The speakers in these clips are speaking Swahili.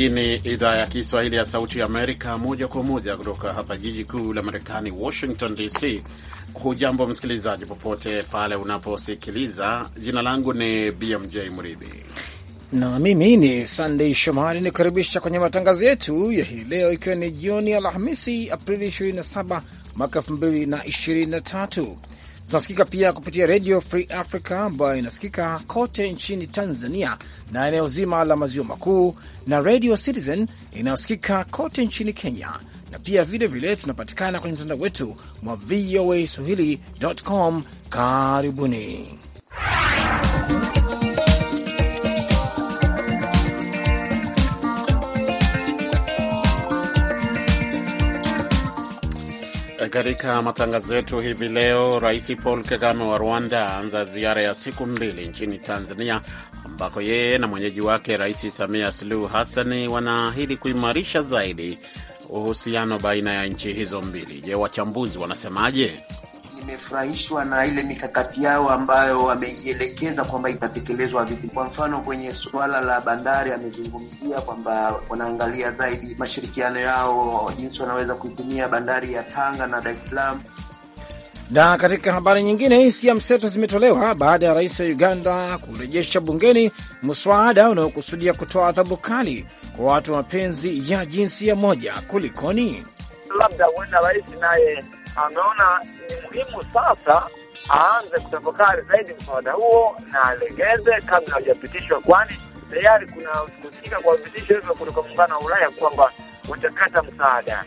Hii ni idhaa ya Kiswahili ya Sauti ya Amerika, moja kwa moja kutoka hapa jiji kuu la Marekani, Washington DC. Hujambo msikilizaji, popote pale unaposikiliza. Jina langu ni BMJ Mridhi na mimi ni Sandey Shomari, nikukaribisha kwenye matangazo yetu ya hii leo, ikiwa ni jioni ya Alhamisi Aprili 27 mwaka 2023 Tunasikika pia kupitia Radio Free Africa ambayo inasikika kote nchini Tanzania na eneo zima la maziwa makuu na Radio Citizen inayosikika kote nchini Kenya na pia vilevile tunapatikana kwenye mtandao wetu wa VOA Swahili.com. Karibuni. Katika matangazo yetu hivi leo, Rais Paul Kagame wa Rwanda aanza ziara ya siku mbili nchini Tanzania, ambako yeye na mwenyeji wake Rais Samia Suluhu Hassani wanaahidi kuimarisha zaidi uhusiano baina ya nchi hizo mbili. Je, wachambuzi wanasemaje? nimefurahishwa na ile mikakati yao ambayo wameielekeza kwamba itatekelezwa vipi. Kwa mfano, kwenye suala la bandari amezungumzia kwamba wanaangalia zaidi mashirikiano yao, jinsi wanaweza kuitumia bandari ya Tanga na Dar es Salaam. Na katika habari nyingine, hisia mseto zimetolewa baada ya rais wa Uganda kurejesha bungeni mswada unaokusudia kutoa adhabu kali kwa watu wa mapenzi ya jinsia moja. Kulikoni? Labda huenda rais naye ameona ni muhimu sasa aanze kutafakari zaidi mswada huo na alegeze kabla hajapitishwa, kwani tayari kuna kusikika kwa vitisho hivyo kutoka muungano wa Ulaya kwamba watakata msaada.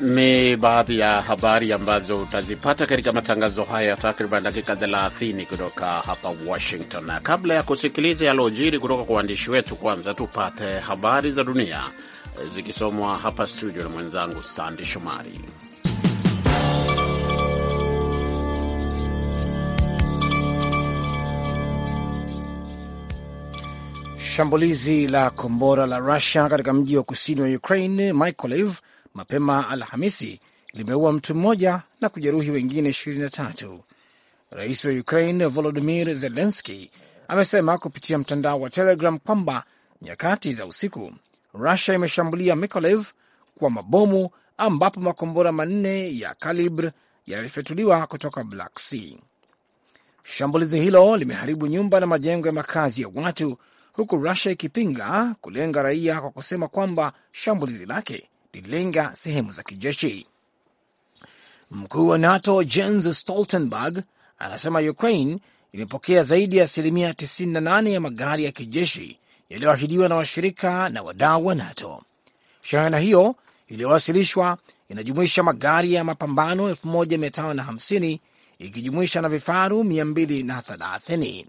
Ni baadhi ya habari ambazo utazipata katika matangazo haya ya takriban dakika 30 kutoka hapa Washington, kabla ya kusikiliza yalojiri kutoka kwa waandishi wetu, kwanza tupate habari za dunia zikisomwa hapa studio na mwenzangu Sandi Shomari. Shambulizi la kombora la Rusia katika mji wa kusini wa Ukraine, Mykolaiv, mapema Alhamisi limeua mtu mmoja na kujeruhi wengine 23. Rais wa Ukraine Volodimir Zelenski amesema kupitia mtandao wa Telegram kwamba nyakati za usiku Rusia imeshambulia Mykolaiv kwa mabomu, ambapo makombora manne ya kalibr yalifyatuliwa kutoka Black Sea. Shambulizi hilo limeharibu nyumba na majengo ya makazi ya watu huku Rusia ikipinga kulenga raia kwa kusema kwamba shambulizi lake lililenga sehemu za kijeshi. Mkuu wa NATO Jens Stoltenberg anasema Ukraine imepokea zaidi ya asilimia 98 ya magari ya kijeshi yaliyoahidiwa na washirika na wadau wa NATO. Shahana hiyo iliyowasilishwa inajumuisha magari ya mapambano 1550 ikijumuisha na vifaru 230.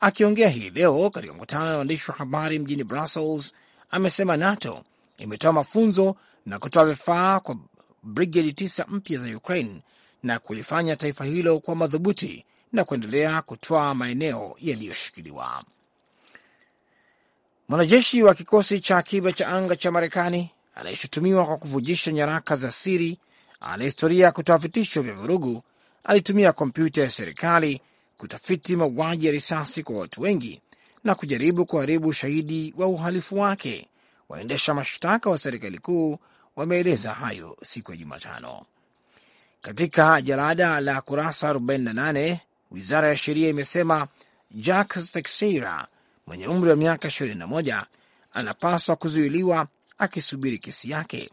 Akiongea hii leo katika mkutano na waandishi wa habari mjini Brussels, amesema NATO imetoa mafunzo na kutoa vifaa kwa brigedi tisa mpya za Ukraine na kulifanya taifa hilo kwa madhubuti na kuendelea kutoa maeneo yaliyoshikiliwa. Mwanajeshi wa kikosi cha akiba cha anga cha Marekani anayeshutumiwa kwa kuvujisha nyaraka za siri ana historia ya kutoa vitisho vya vurugu. Alitumia kompyuta ya serikali kutafiti mauaji ya risasi kwa watu wengi na kujaribu kuharibu ushahidi wa uhalifu wake. Waendesha mashtaka wa serikali kuu wameeleza hayo siku ya Jumatano. Katika jalada la kurasa 48 wizara ya sheria imesema Jacques Teixeira mwenye umri wa miaka 21 anapaswa kuzuiliwa akisubiri kesi yake,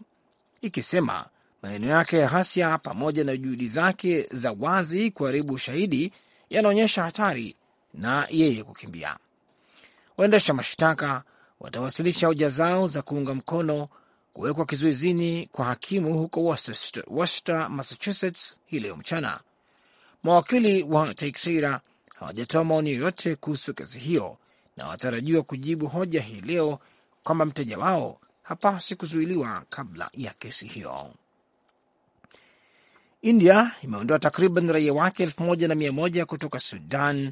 ikisema maneno yake ya ghasia pamoja na juhudi zake za wazi kuharibu ushahidi yanaonyesha hatari na yeye kukimbia. Waendesha mashtaka watawasilisha hoja zao za kuunga mkono kuwekwa kizuizini kwa hakimu huko Worcester, Massachusetts, hii leo mchana. Mawakili wa Teixeira hawajatoa maoni yoyote kuhusu kesi hiyo na watarajiwa kujibu hoja hii leo kwamba mteja wao hapasi kuzuiliwa kabla ya kesi hiyo. India imeondoa takriban raia wake elfu moja na mia moja kutoka Sudan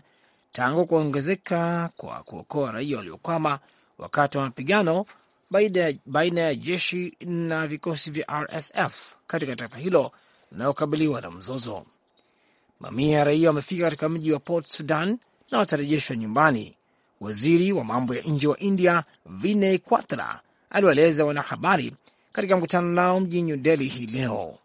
tangu kuongezeka kwa kuokoa raia waliokwama wakati wa mapigano baina ya jeshi na vikosi vya RSF katika taifa hilo linalokabiliwa na mzozo. Mamia ya raia wamefika katika mji wa Port Sudan na watarejeshwa nyumbani. Waziri wa mambo ya nje wa India Vinay Quatra aliwaeleza wanahabari katika mkutano nao mjini New Delhi hii leo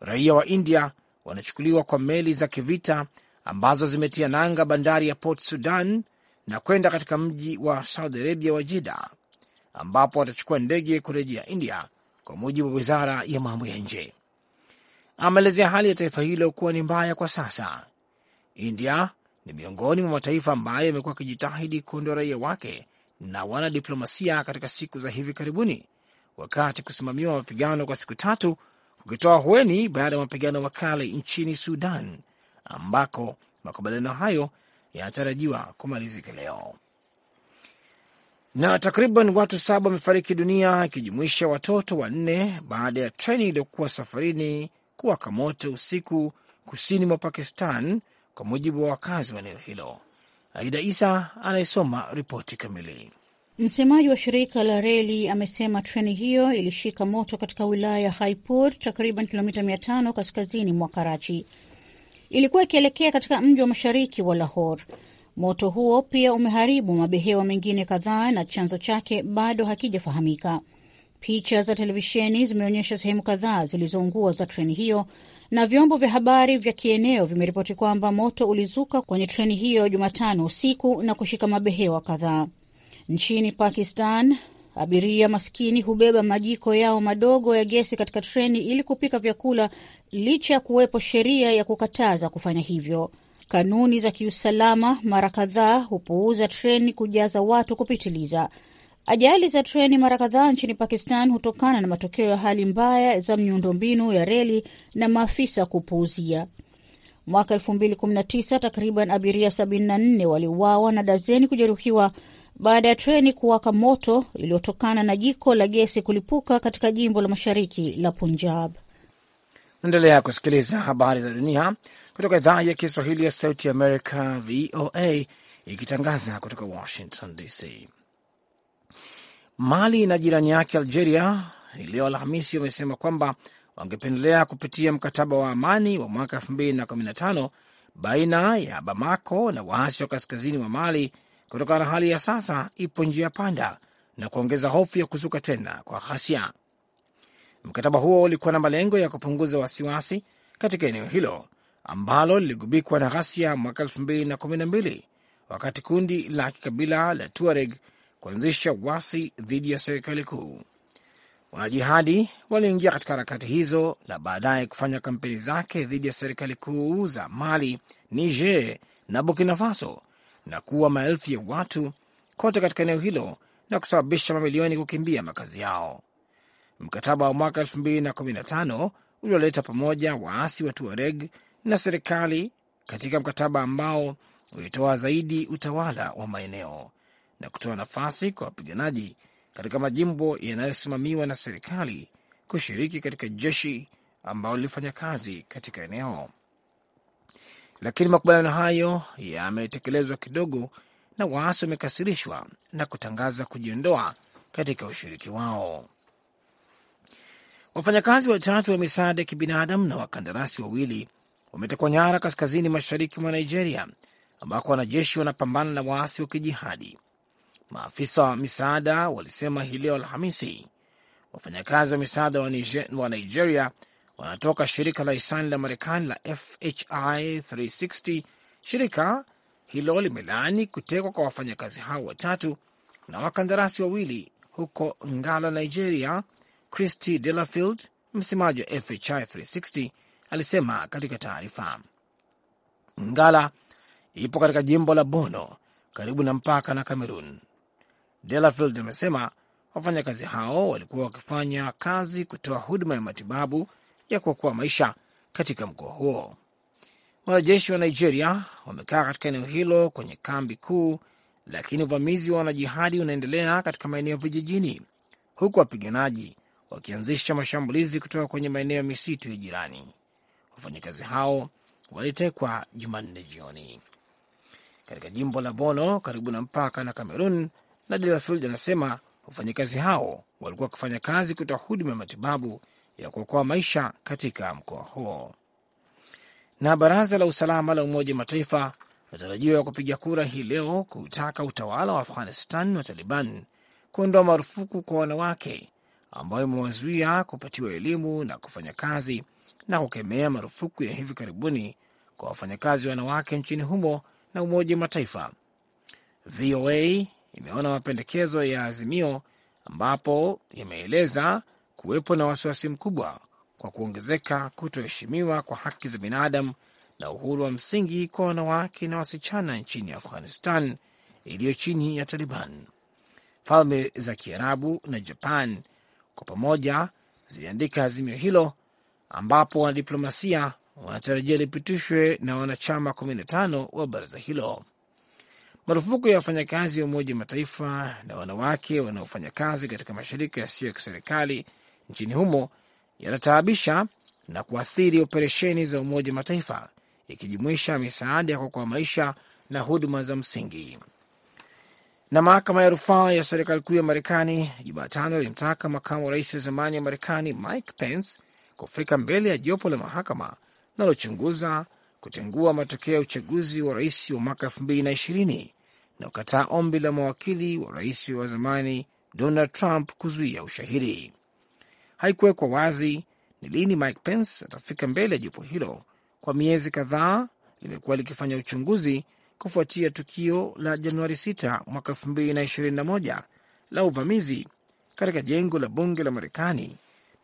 raia wa India wanachukuliwa kwa meli za kivita ambazo zimetia nanga bandari ya Port Sudan na kwenda katika mji wa Saudi Arabia wa Jida, ambapo watachukua ndege kurejea India, kwa mujibu wa wizara ya mambo ya nje. Ameelezea hali ya taifa hilo kuwa ni mbaya kwa sasa. India ni miongoni mwa mataifa ambayo yamekuwa akijitahidi kuondoa raia wake na wanadiplomasia katika siku za hivi karibuni, wakati kusimamiwa mapigano kwa siku tatu ukitoa hueni baada ya mapigano makali nchini Sudan, ambako makubaliano hayo yanatarajiwa kumalizika leo. Na takriban watu saba wamefariki dunia ikijumuisha watoto wanne baada ya treni iliyokuwa safarini kuwaka moto usiku kusini mwa Pakistan, kwa mujibu wa wakazi wa eneo hilo. Aida Isa anayesoma ripoti kamili. Msemaji wa shirika la reli amesema treni hiyo ilishika moto katika wilaya ya Haipur, takriban kilomita 500 kaskazini mwa Karachi. Ilikuwa ikielekea katika mji wa mashariki wa Lahore. Moto huo pia umeharibu mabehewa mengine kadhaa na chanzo chake bado hakijafahamika. Picha za televisheni zimeonyesha sehemu kadhaa zilizoungua za treni hiyo, na vyombo vya habari vya kieneo vimeripoti kwamba moto ulizuka kwenye treni hiyo Jumatano usiku na kushika mabehewa kadhaa. Nchini Pakistan, abiria maskini hubeba majiko yao madogo ya gesi katika treni ili kupika vyakula licha ya kuwepo sheria ya kukataza kufanya hivyo. Kanuni za kiusalama mara kadhaa hupuuza treni kujaza watu kupitiliza. Ajali za treni mara kadhaa nchini Pakistan hutokana na matokeo ya hali mbaya za miundombinu ya reli na maafisa kupuuzia. Mwaka 2019 takriban abiria 74 waliuawa na dazeni kujeruhiwa baada ya treni kuwaka moto iliyotokana na jiko la gesi kulipuka katika jimbo la mashariki la Punjab. Naendelea kusikiliza habari za dunia kutoka idhaa ya Kiswahili ya Sauti ya Amerika, VOA, ikitangaza kutoka Washington DC. Mali na jirani yake Algeria leo Alhamisi wamesema kwamba wangependelea kupitia mkataba wa amani wa mwaka 2015 baina ya Bamako na waasi wa kaskazini wa Mali kutokana na hali ya sasa ipo njia panda na kuongeza hofu ya kuzuka tena kwa ghasia. Mkataba huo ulikuwa na malengo ya kupunguza wasiwasi katika eneo hilo ambalo liligubikwa na ghasia mwaka 2012 wakati kundi la kikabila la Tuareg kuanzisha wasi dhidi ya serikali kuu. Wanajihadi waliingia katika harakati hizo na baadaye kufanya kampeni zake dhidi ya serikali kuu za Mali, Niger na Burkina Faso na kuwa maelfu ya watu kote katika eneo hilo na kusababisha mamilioni kukimbia makazi yao. Mkataba wa mwaka 2015 ulioleta pamoja waasi wa Tuareg na serikali katika mkataba ambao ulitoa zaidi utawala wa maeneo na kutoa nafasi kwa wapiganaji katika majimbo yanayosimamiwa na serikali kushiriki katika jeshi ambao lilifanya kazi katika eneo lakini makubaliano hayo yametekelezwa kidogo na waasi wamekasirishwa na kutangaza kujiondoa katika ushiriki wao. Wafanyakazi watatu wa misaada ya kibinadamu na wakandarasi wawili wametekwa nyara kaskazini mashariki mwa Nigeria, ambako wanajeshi wanapambana na waasi wa kijihadi. Maafisa wa misaada walisema hii leo Alhamisi. Wafanyakazi wa misaada wa Nigeria wanatoka shirika la hisani la Marekani la FHI 360. Shirika hilo limelaani kutekwa kwa wafanyakazi hao watatu na wakandarasi wawili huko Ngala, Nigeria. Christy Delafield, msemaji wa FHI 360, alisema katika taarifa. Ngala ipo katika jimbo la Bono karibu na mpaka na Cameroon. Delafield amesema wafanyakazi hao walikuwa wakifanya kazi kutoa huduma ya matibabu ya kuokoa maisha katika mkoa huo. Wanajeshi wa Nigeria wamekaa katika eneo hilo kwenye kambi kuu, lakini uvamizi wa wanajihadi unaendelea katika maeneo vijijini, huku wapiganaji wakianzisha mashambulizi kutoka kwenye maeneo ya misitu ya jirani. Wafanyakazi hao walitekwa Jumanne jioni katika jimbo la Bono karibu na mpaka na Kamerun. Nadila Field anasema wafanyakazi hao walikuwa wakifanya kazi kutoa huduma ya matibabu ya kuokoa maisha katika mkoa huo. Na baraza la usalama la Umoja wa Mataifa natarajiwa kupiga kura hii leo kutaka utawala wa Afghanistan wa Taliban kuondoa marufuku kwa wanawake ambayo imewazuia kupatiwa elimu na kufanya kazi na kukemea marufuku ya hivi karibuni kwa wafanyakazi wanawake nchini humo na Umoja wa Mataifa. VOA imeona mapendekezo ya azimio ambapo imeeleza kuwepo na wasiwasi mkubwa kwa kuongezeka kutoheshimiwa kwa haki za binadamu na uhuru wa msingi kwa wanawake na wasichana nchini Afghanistan iliyo chini ya Taliban. Falme za Kiarabu na Japan kwa pamoja ziliandika azimio hilo ambapo wanadiplomasia wanatarajia lipitishwe na wanachama 15 wa baraza hilo. Marufuku ya wafanyakazi wa Umoja Mataifa na wanawake wanaofanya kazi katika mashirika yasiyo ya kiserikali nchini humo yanataabisha na kuathiri operesheni za Umoja Mataifa, ikijumuisha misaada ya kuokoa maisha na huduma za msingi. Na mahakama ya rufaa ya serikali kuu ya Marekani Jumatano ilimtaka makamu wa rais wa zamani wa Marekani Mike Pence kufika mbele ya jopo la mahakama linalochunguza kutengua matokeo ya uchaguzi wa rais wa mwaka elfu mbili na ishirini na kukataa ombi la mawakili wa rais wa zamani Donald Trump kuzuia ushahidi haikuwekwa wazi ni lini Mike Pence atafika mbele ya jopo hilo. Kwa miezi kadhaa limekuwa likifanya uchunguzi kufuatia tukio la Januari 6 mwaka 2021 la uvamizi katika jengo la bunge la Marekani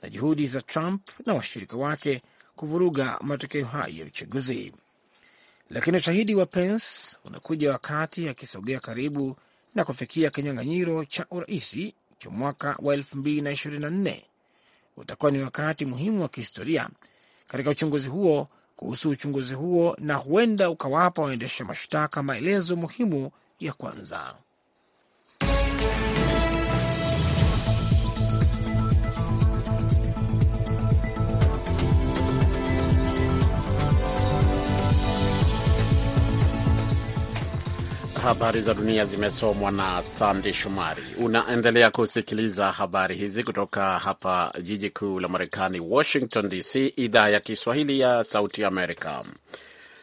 na juhudi za Trump na washirika wake kuvuruga matokeo hayo ya uchaguzi. Lakini ushahidi wa Pence unakuja wakati akisogea karibu na kufikia kinyang'anyiro cha uraisi cha mwaka wa 2024 utakuwa ni wakati muhimu wa kihistoria katika uchunguzi huo kuhusu uchunguzi huo na huenda ukawapa waendesha mashtaka maelezo muhimu ya kwanza. Habari za dunia zimesomwa na Sandi Shomari. Unaendelea kusikiliza habari hizi kutoka hapa jiji kuu la Marekani, Washington DC, idhaa ya Kiswahili ya Sauti Amerika.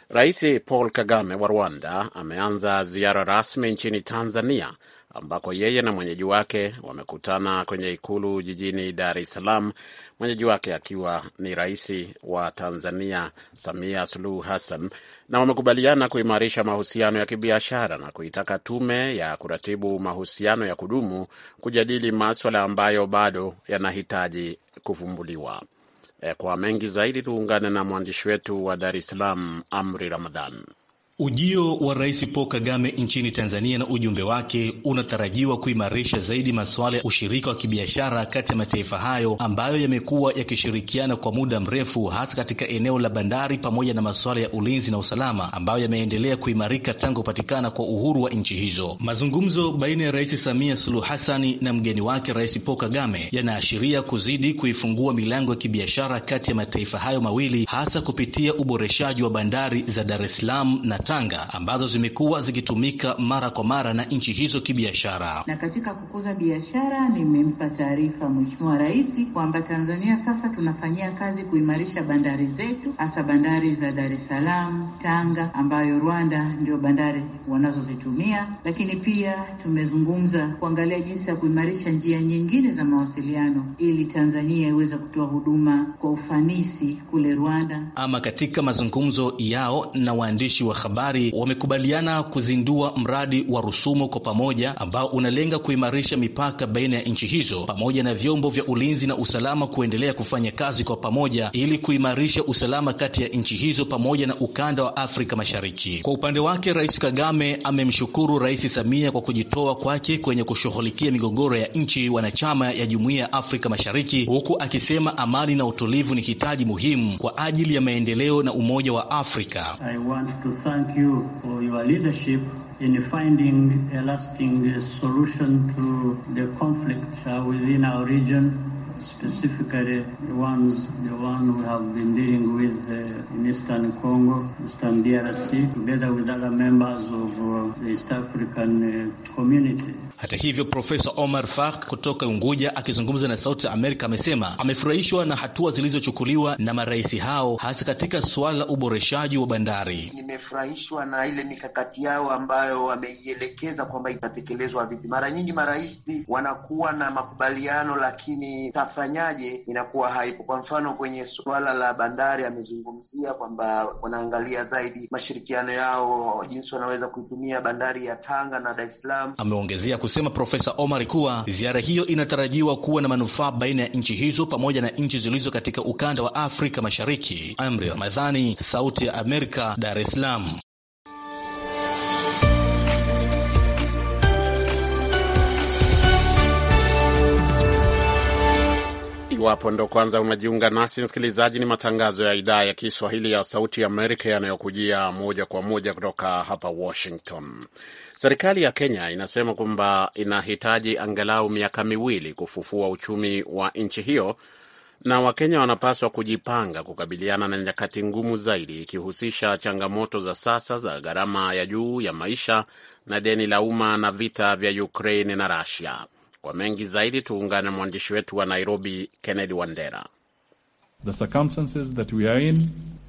Rais Paul Kagame wa Rwanda ameanza ziara rasmi nchini Tanzania ambako yeye na mwenyeji wake wamekutana kwenye ikulu jijini Dar es Salaam, mwenyeji wake akiwa ni rais wa Tanzania Samia Suluhu Hassan, na wamekubaliana kuimarisha mahusiano ya kibiashara na kuitaka tume ya kuratibu mahusiano ya kudumu kujadili maswala ambayo bado yanahitaji kuvumbuliwa. E, kwa mengi zaidi, tuungane na mwandishi wetu wa Dar es Salaam, Amri Ramadhan. Ujio wa Rais Paul Kagame nchini Tanzania na ujumbe wake unatarajiwa kuimarisha zaidi masuala ya ushirika wa kibiashara kati ya mataifa hayo ambayo yamekuwa yakishirikiana kwa muda mrefu, hasa katika eneo la bandari pamoja na masuala ya ulinzi na usalama ambayo yameendelea kuimarika tangu kupatikana kwa uhuru wa nchi hizo. Mazungumzo baina ya Rais Samia Suluhu hasani na mgeni wake Rais Paul Kagame yanaashiria kuzidi kuifungua milango ya kibiashara kati ya mataifa hayo mawili, hasa kupitia uboreshaji wa bandari za Dar es Salaam na Tanga ambazo zimekuwa zikitumika mara kwa mara na nchi hizo kibiashara. Na katika kukuza biashara, nimempa taarifa Mheshimiwa Rais kwamba Tanzania sasa tunafanyia kazi kuimarisha bandari zetu, hasa bandari za Dar es Salaam, Tanga ambayo Rwanda ndio bandari wanazozitumia, lakini pia tumezungumza kuangalia jinsi ya kuimarisha njia nyingine za mawasiliano ili Tanzania iweze kutoa huduma kwa ufanisi kule Rwanda. Ama katika mazungumzo yao na waandishi wa habari wamekubaliana kuzindua mradi wa Rusumo kwa pamoja ambao unalenga kuimarisha mipaka baina ya nchi hizo pamoja na vyombo vya ulinzi na usalama kuendelea kufanya kazi kwa pamoja ili kuimarisha usalama kati ya nchi hizo pamoja na ukanda wa Afrika Mashariki. Kwa upande wake, Rais Kagame amemshukuru Rais Samia kwa kujitoa kwake kwenye kushughulikia migogoro ya nchi wanachama ya Jumuiya ya Afrika Mashariki huku akisema amani na utulivu ni hitaji muhimu kwa ajili ya maendeleo na umoja wa Afrika. I want to thank thank you for your leadership in finding a lasting solution to the conflict uh, within our region specifically the ones, the one we have been dealing with uh, in Eastern Congo, Eastern DRC, together with other members of uh, the East African community. Hata hivyo, Profesa Omar Fak kutoka Unguja akizungumza na Sauti ya Amerika amesema amefurahishwa na hatua zilizochukuliwa na marais hao, hasa katika suala la uboreshaji wa bandari. Nimefurahishwa na ile mikakati yao ambayo wameielekeza kwamba itatekelezwa vipi. Mara nyingi marais wanakuwa na makubaliano, lakini tafanyaje inakuwa haipo. Kwa mfano, kwenye suala la bandari amezungumzia kwamba wanaangalia zaidi mashirikiano yao, jinsi wanaweza kuitumia bandari ya Tanga na Dar es Salaam. Ameongezea kusema Profesa Omar kuwa ziara hiyo inatarajiwa kuwa na manufaa baina ya nchi hizo pamoja na nchi zilizo katika ukanda wa Afrika Mashariki. Amri Ramadhani, Sauti ya Amerika, Dar es Salaam. Iwapo ndo kwanza unajiunga nasi msikilizaji, ni matangazo ya idhaa ya Kiswahili ya Sauti ya Amerika yanayokujia moja kwa moja kutoka hapa Washington. Serikali ya Kenya inasema kwamba inahitaji angalau miaka miwili kufufua uchumi wa nchi hiyo na Wakenya wanapaswa kujipanga kukabiliana na nyakati ngumu zaidi, ikihusisha changamoto za sasa za gharama ya juu ya maisha na deni la umma na vita vya Ukraine na Russia. Kwa mengi zaidi, tuungane na mwandishi wetu wa Nairobi, Kennedy Wandera. The circumstances that we are in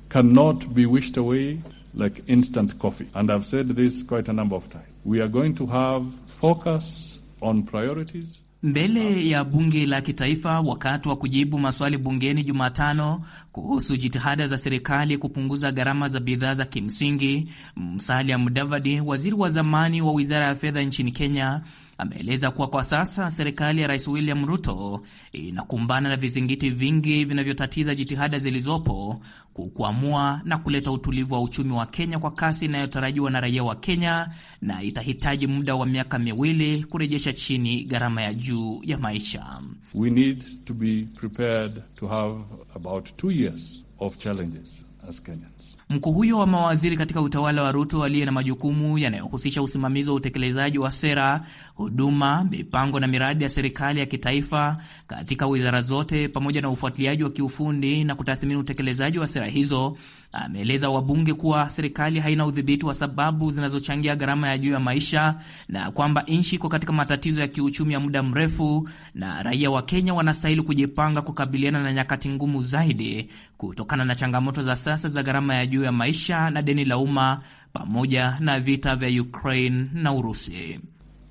cannot be wished away like instant coffee. And I've said this quite a number of times. We are going to have focus on priorities. Mbele ya bunge la kitaifa wakati wa kujibu maswali bungeni Jumatano kuhusu jitihada za serikali kupunguza gharama za bidhaa za kimsingi, Musalia Mudavadi, waziri wa zamani wa wizara ya fedha nchini Kenya, ameeleza kuwa kwa sasa serikali ya Rais William Ruto inakumbana na vizingiti vingi vinavyotatiza jitihada zilizopo kukwamua na kuleta utulivu wa uchumi wa Kenya kwa kasi inayotarajiwa na raia wa Kenya, na itahitaji muda wa miaka miwili kurejesha chini gharama ya juu ya maisha. We need to be prepared to have about two years of challenges as Kenyans. Mkuu huyo wa mawaziri katika utawala wa Ruto aliye na majukumu yanayohusisha usimamizi wa utekelezaji wa sera, huduma, mipango na miradi ya serikali ya kitaifa katika wizara zote pamoja na ufuatiliaji wa kiufundi na kutathmini utekelezaji wa sera hizo Ameeleza wabunge kuwa serikali haina udhibiti wa sababu zinazochangia gharama ya juu ya maisha na kwamba nchi iko katika matatizo ya kiuchumi ya muda mrefu, na raia wa Kenya wanastahili kujipanga kukabiliana na nyakati ngumu zaidi kutokana na changamoto za sasa za gharama ya juu ya maisha na deni la umma pamoja na vita vya Ukraine na Urusi.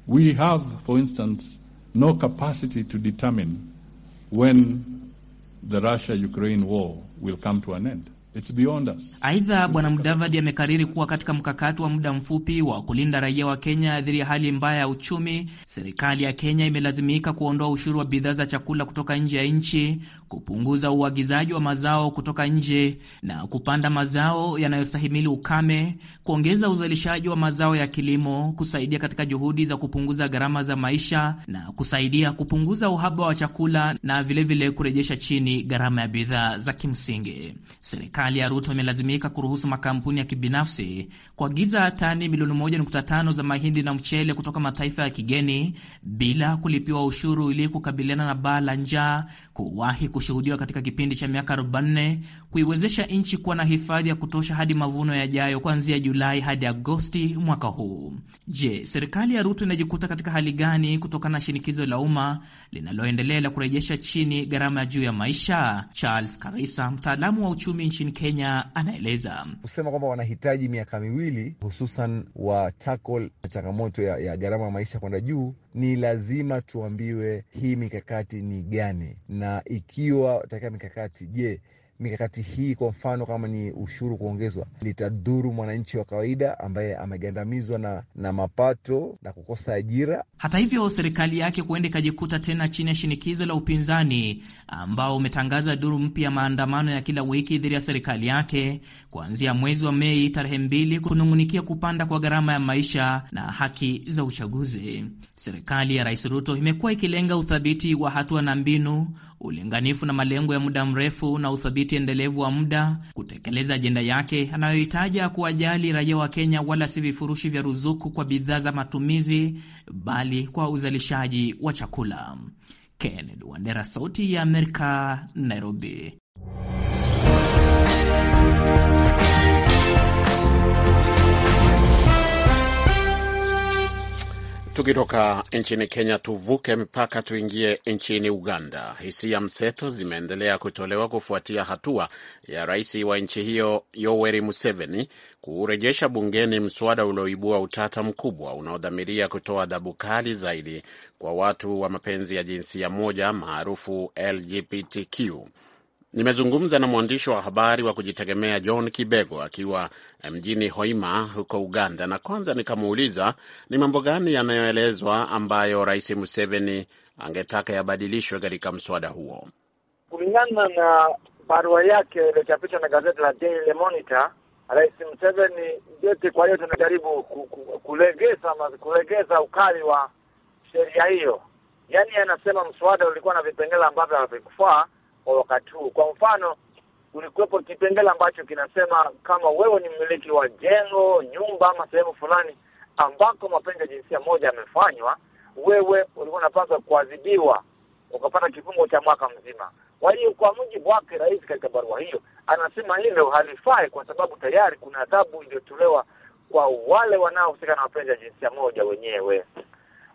We have, for instance, no capacity to determine when the Russia-Ukraine war will come to an end. Aidha, Bwana Mudavadi amekariri kuwa katika mkakati wa muda mfupi wa kulinda raia wa Kenya dhidi ya hali mbaya ya uchumi, serikali ya Kenya imelazimika kuondoa ushuru wa bidhaa za chakula kutoka nje ya nchi, kupunguza uagizaji wa mazao kutoka nje na kupanda mazao yanayostahimili ukame, kuongeza uzalishaji wa mazao ya kilimo, kusaidia katika juhudi za kupunguza gharama za maisha na kusaidia kupunguza uhaba wa chakula na vilevile vile kurejesha chini gharama ya bidhaa za kimsingi. Serikali Serikali ya Ruto imelazimika kuruhusu makampuni ya kibinafsi kuagiza tani milioni 1.5 za mahindi na mchele kutoka mataifa ya kigeni bila kulipiwa ushuru ili kukabiliana na baa la njaa kuwahi kushuhudiwa katika kipindi cha miaka 4 kuiwezesha nchi kuwa na hifadhi ya kutosha hadi mavuno yajayo kuanzia Julai hadi Agosti mwaka huu. Je, serikali ya Ruto inajikuta katika hali gani kutokana na shinikizo la umma linaloendelea la kurejesha chini gharama ya juu ya maisha? Charles Karisa, mtaalamu wa uchumi nchini Kenya, anaeleza kusema kwamba wanahitaji miaka miwili hususan wa tackle changamoto ya, ya gharama ya maisha kwenda juu. Ni lazima tuambiwe hii mikakati ni gani, na ikiwa katika mikakati, je mikakati hii, kwa mfano kama ni ushuru kuongezwa, litadhuru mwananchi wa kawaida ambaye amegandamizwa na, na mapato na kukosa ajira. Hata hivyo, serikali yake huenda ikajikuta tena chini ya shinikizo la upinzani ambao umetangaza duru mpya ya maandamano ya kila wiki dhidi ya serikali yake kuanzia mwezi wa Mei tarehe mbili kunung'unikia kupanda kwa gharama ya maisha na haki za uchaguzi. Serikali ya Rais Ruto imekuwa ikilenga uthabiti wa hatua na mbinu ulinganifu na malengo ya muda mrefu na uthabiti endelevu wa muda, kutekeleza ajenda yake anayohitaja kuwajali raia wa Kenya, wala si vifurushi vya ruzuku kwa bidhaa za matumizi, bali kwa uzalishaji wa chakula. Kennedy Wandera, Sauti ya Amerika, Nairobi. Tukitoka nchini Kenya tuvuke mipaka tuingie nchini Uganda. Hisia mseto zimeendelea kutolewa kufuatia hatua ya rais wa nchi hiyo Yoweri Museveni kurejesha bungeni mswada ulioibua utata mkubwa unaodhamiria kutoa adhabu kali zaidi kwa watu wa mapenzi ya jinsia moja maarufu LGBTQ. Nimezungumza na mwandishi wa habari wa kujitegemea John Kibego akiwa eh, mjini Hoima huko Uganda, na kwanza nikamuuliza ni mambo gani yanayoelezwa ambayo Rais Museveni angetaka yabadilishwe katika mswada huo. Kulingana na barua yake iliyochapishwa na gazeti la Daily Monitor, Rais Museveni jeti, kwa hiyo tunajaribu kulegeza kulegeza ukali wa sheria hiyo. Yaani anasema mswada ulikuwa na vipengele ambavyo havikufaa kwa wakati huu. Kwa mfano, kulikuwepo kipengele ambacho kinasema kama wewe ni mmiliki wa jengo, nyumba ama sehemu fulani ambako mapenzi ya jinsia moja yamefanywa, wewe ulikuwa unapaswa kuadhibiwa ukapata kifungo cha mwaka mzima. Kwa hiyo kwa mujibu wake rais katika barua hiyo anasema hilo halifai, kwa sababu tayari kuna adhabu iliyotolewa kwa wale wanaohusika na mapenzi ya jinsia moja wenyewe.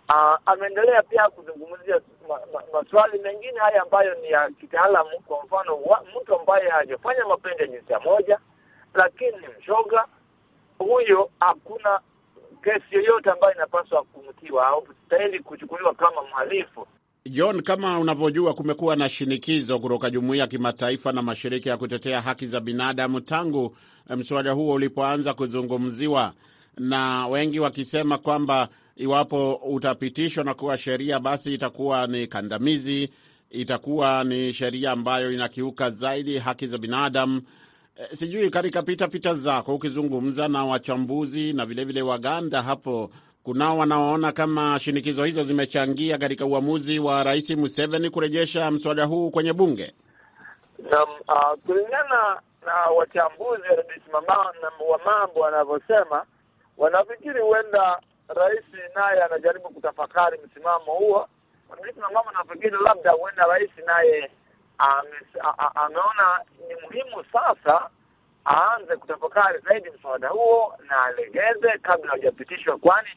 Uh, ameendelea pia kuzungumzia maswali mengine haya ambayo ni ya kitaalamu. Kwa mfano, mtu ambaye hajafanya mapenzi ya jinsia moja lakini mshoga huyo, hakuna kesi yoyote ambayo inapaswa kumtiwa au stahili kuchukuliwa kama mhalifu. John, kama unavyojua, kumekuwa na shinikizo kutoka jumuiya ya kimataifa na mashirika ya kutetea haki za binadamu tangu eh, mswada huo ulipoanza kuzungumziwa, na wengi wakisema kwamba iwapo utapitishwa na kuwa sheria, basi itakuwa ni kandamizi, itakuwa ni sheria ambayo inakiuka zaidi haki za binadamu. Eh, sijui katika pitapita zako ukizungumza na wachambuzi na vilevile Waganda hapo kunao wanaoona kama shinikizo hizo zimechangia katika uamuzi wa Rais Museveni kurejesha mswada huu kwenye bunge. Naam, uh, kulingana na wachambuzi wa mambo wanavyosema, wanafikiri huenda rais naye anajaribu kutafakari msimamo huo na mama na pengine labda huenda rais naye ameona ni muhimu sasa aanze kutafakari zaidi mswada huo na alegeze kabla hajapitishwa, kwani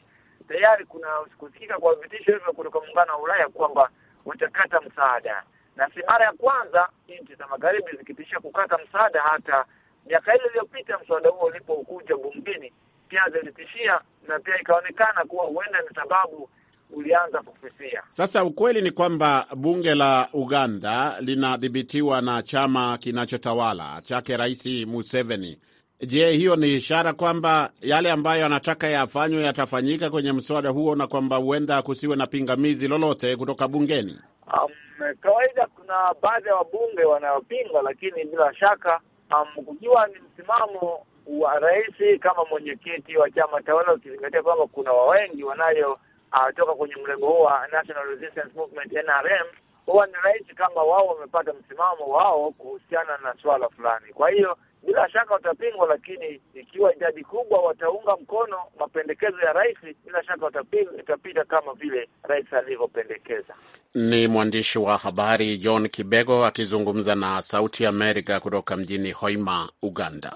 tayari kuna kusikika kwa vitisho hivyo kutoka muungano wa Ulaya kwamba utakata msaada, na si mara ya kwanza nchi za magharibi zikitishia kukata msaada. Hata miaka ile iliyopita mswada huo ulipokuja bungeni pia zilitishia na pia ikaonekana kuwa huenda ni sababu ulianza kufifia. Sasa ukweli ni kwamba bunge la Uganda linadhibitiwa na chama kinachotawala chake Rais Museveni. Je, hiyo ni ishara kwamba yale ambayo anataka yafanywe yatafanyika kwenye mswada huo na kwamba huenda kusiwe na pingamizi lolote kutoka bungeni? Um, kawaida kuna baadhi ya wabunge wanayopinga, lakini bila shaka um, kujua ni msimamo wa rais kama mwenyekiti wa chama tawala, ukizingatia kwamba kuna wa wengi wanayotoka ah, uh, kwenye mrengo huu wa National Resistance Movement NRM, huwa ni rahisi kama wao wamepata msimamo wao kuhusiana na swala fulani. Kwa hiyo bila shaka watapingwa, lakini ikiwa idadi kubwa wataunga mkono mapendekezo ya rais, bila shaka itapita kama vile rais alivyopendekeza. Ni mwandishi wa habari John Kibego akizungumza na Sauti Amerika kutoka mjini Hoima, Uganda.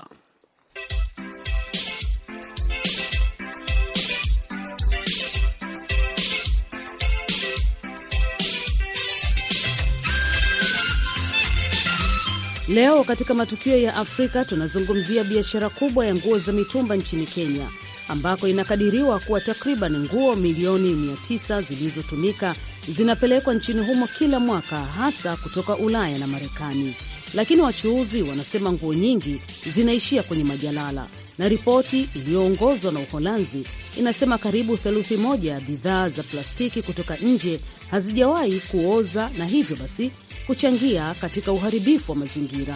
Leo katika matukio ya Afrika tunazungumzia biashara kubwa ya nguo za mitumba nchini Kenya ambako inakadiriwa kuwa takriban nguo milioni 900 zilizotumika zinapelekwa nchini humo kila mwaka, hasa kutoka Ulaya na Marekani. Lakini wachuuzi wanasema nguo nyingi zinaishia kwenye majalala, na ripoti iliyoongozwa na Uholanzi inasema karibu theluthi moja ya bidhaa za plastiki kutoka nje hazijawahi kuoza, na hivyo basi kuchangia katika uharibifu wa mazingira.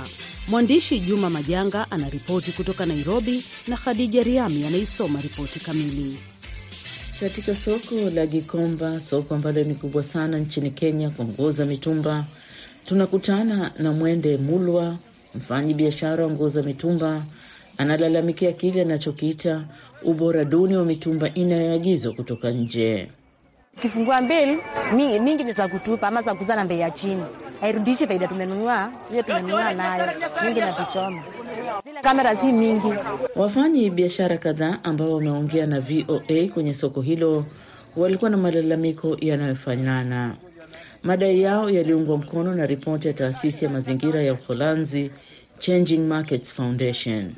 Mwandishi Juma Majanga anaripoti kutoka Nairobi na Khadija Riami anaisoma ripoti kamili. Katika soko la Gikomba, soko ambalo ni kubwa sana nchini Kenya kwa nguo za mitumba, tunakutana na Mwende Mulwa, mfanyi biashara wa nguo za mitumba. Analalamikia kile anachokiita ubora duni wa mitumba inayoagizwa kutoka nje. Kifungua mbili mingi ni za kutupa ama za kuuza na bei ya chini hairudishi faida tumenunua, hiyo, tumenunua nayo mingi na tuchoma. kamera zi mingi. Wafanyi biashara kadhaa ambao wameongea na VOA kwenye soko hilo walikuwa na malalamiko yanayofanana. Madai yao yaliungwa mkono na ripoti ya taasisi ya mazingira ya Uholanzi, Changing Markets Foundation.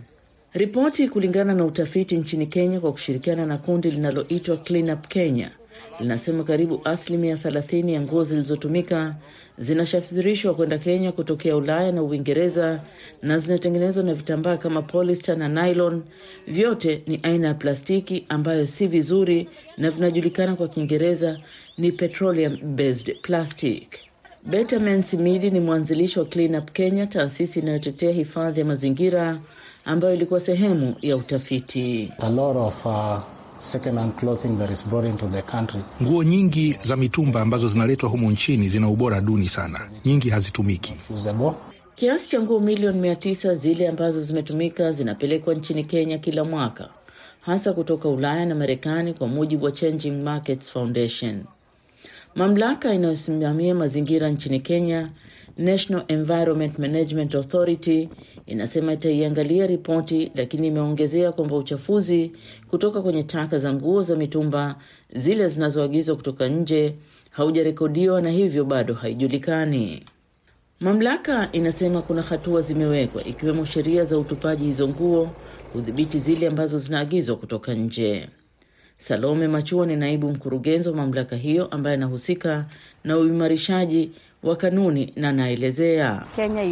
Ripoti kulingana na utafiti nchini Kenya kwa kushirikiana na kundi linaloitwa Clean Up Kenya linasema karibu asilimia 30 ya nguo zilizotumika zinasafirishwa kwenda Kenya kutokea Ulaya na Uingereza na zinatengenezwa na vitambaa kama polyester na nylon. Vyote ni aina ya plastiki ambayo si vizuri na vinajulikana kwa Kiingereza ni petroleum based plastic. Betamen Simidi ni mwanzilishi wa Clean Up Kenya, taasisi inayotetea hifadhi ya mazingira ambayo ilikuwa sehemu ya utafiti. A lot of, uh... Nguo nyingi za mitumba ambazo zinaletwa humu nchini zina ubora duni sana, nyingi hazitumiki. Kiasi cha nguo milioni mia tisa zile ambazo zimetumika zinapelekwa nchini Kenya kila mwaka, hasa kutoka Ulaya na Marekani, kwa mujibu wa Changing Markets Foundation. Mamlaka inayosimamia mazingira nchini Kenya National Environment Management Authority inasema itaiangalia ripoti, lakini imeongezea kwamba uchafuzi kutoka kwenye taka za nguo za mitumba, zile zinazoagizwa kutoka nje, haujarekodiwa na hivyo bado haijulikani. Mamlaka inasema kuna hatua zimewekwa, ikiwemo sheria za utupaji hizo nguo, kudhibiti zile ambazo zinaagizwa kutoka nje. Salome Machua ni naibu mkurugenzi wa mamlaka hiyo ambaye anahusika na uimarishaji wa kanuni na anaelezea Kenya,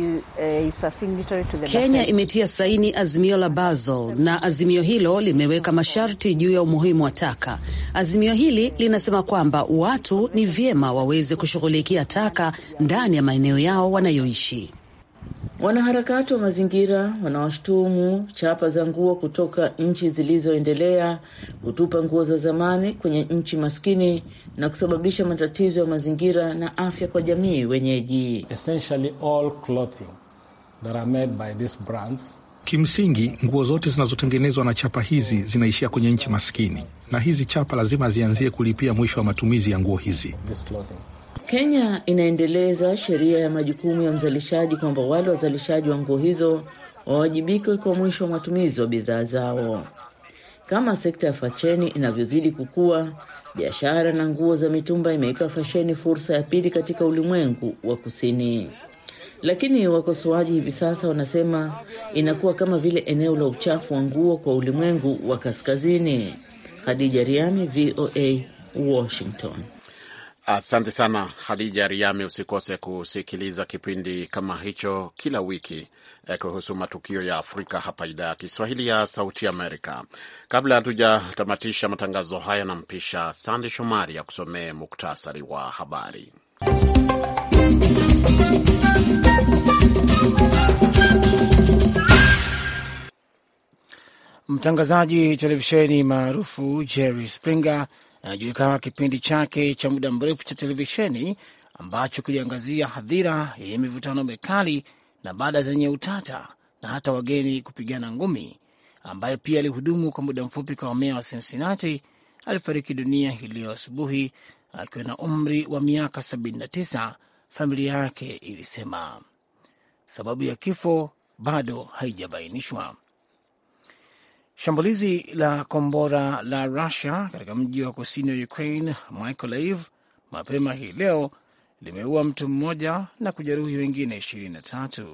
uh, Kenya imetia saini azimio la Basel na azimio hilo limeweka masharti juu ya umuhimu wa taka. Azimio hili linasema kwamba watu ni vyema waweze kushughulikia taka ndani ya maeneo yao wanayoishi. Wanaharakati wa mazingira wanawashutumu chapa za nguo kutoka nchi zilizoendelea kutupa nguo za zamani kwenye nchi maskini na kusababisha matatizo ya mazingira na afya kwa jamii wenyeji. Kimsingi, nguo zote zinazotengenezwa na chapa hizi zinaishia kwenye nchi maskini, na hizi chapa lazima zianzie kulipia mwisho wa matumizi ya nguo hizi. Kenya inaendeleza sheria ya majukumu ya mzalishaji kwamba wale wazalishaji wa nguo hizo wawajibike kwa mwisho wa matumizi wa bidhaa zao. Kama sekta ya fasheni inavyozidi kukua, biashara na nguo za mitumba imeipa fasheni fursa ya pili katika ulimwengu wa kusini. Lakini wakosoaji hivi sasa wanasema inakuwa kama vile eneo la uchafu wa nguo kwa ulimwengu wa kaskazini. Khadija Riami, VOA, Washington. Asante sana hadija Riami. Usikose kusikiliza kipindi kama hicho kila wiki eh, kuhusu matukio ya Afrika hapa idhaa ya Kiswahili ya Sauti Amerika. Kabla hatujatamatisha matangazo haya, nampisha Sande Shomari ya kusomee muktasari wa habari. Mtangazaji televisheni maarufu Jerry Springer anajulikana kipindi chake cha muda mrefu cha televisheni ambacho kiliangazia hadhira yenye mivutano mikali na baada zenye utata na hata wageni kupigana ngumi, ambaye pia alihudumu kwa muda mfupi kwa meya wa Cincinnati. Alifariki dunia hii leo asubuhi akiwa na umri wa miaka 79, familia yake ilisema. Sababu ya kifo bado haijabainishwa. Shambulizi la kombora la Rusia katika mji wa kusini wa Ukraine Mykolaiv mapema hii leo limeua mtu mmoja na kujeruhi wengine 23.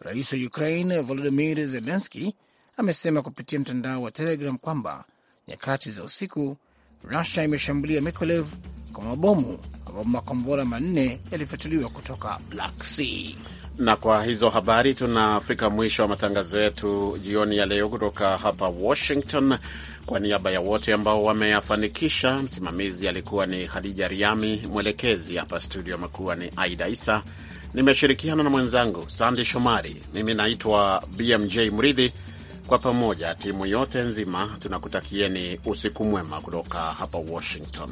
Rais wa Ukraine Volodimir Zelenski amesema kupitia mtandao wa Telegram kwamba nyakati za usiku Rusia imeshambulia Mykolaiv kwa mabomu ambapo makombora manne yalifyatuliwa kutoka Black Sea. Na kwa hizo habari tunafika mwisho wa matangazo yetu jioni ya leo kutoka hapa Washington. Kwa niaba ya wote ambao wameyafanikisha, msimamizi alikuwa ni Khadija Riami, mwelekezi hapa studio amekuwa ni Aida Isa, nimeshirikiana na mwenzangu Sandi Shomari. Mimi naitwa BMJ Mridhi. Kwa pamoja timu yote nzima tunakutakieni usiku mwema kutoka hapa Washington.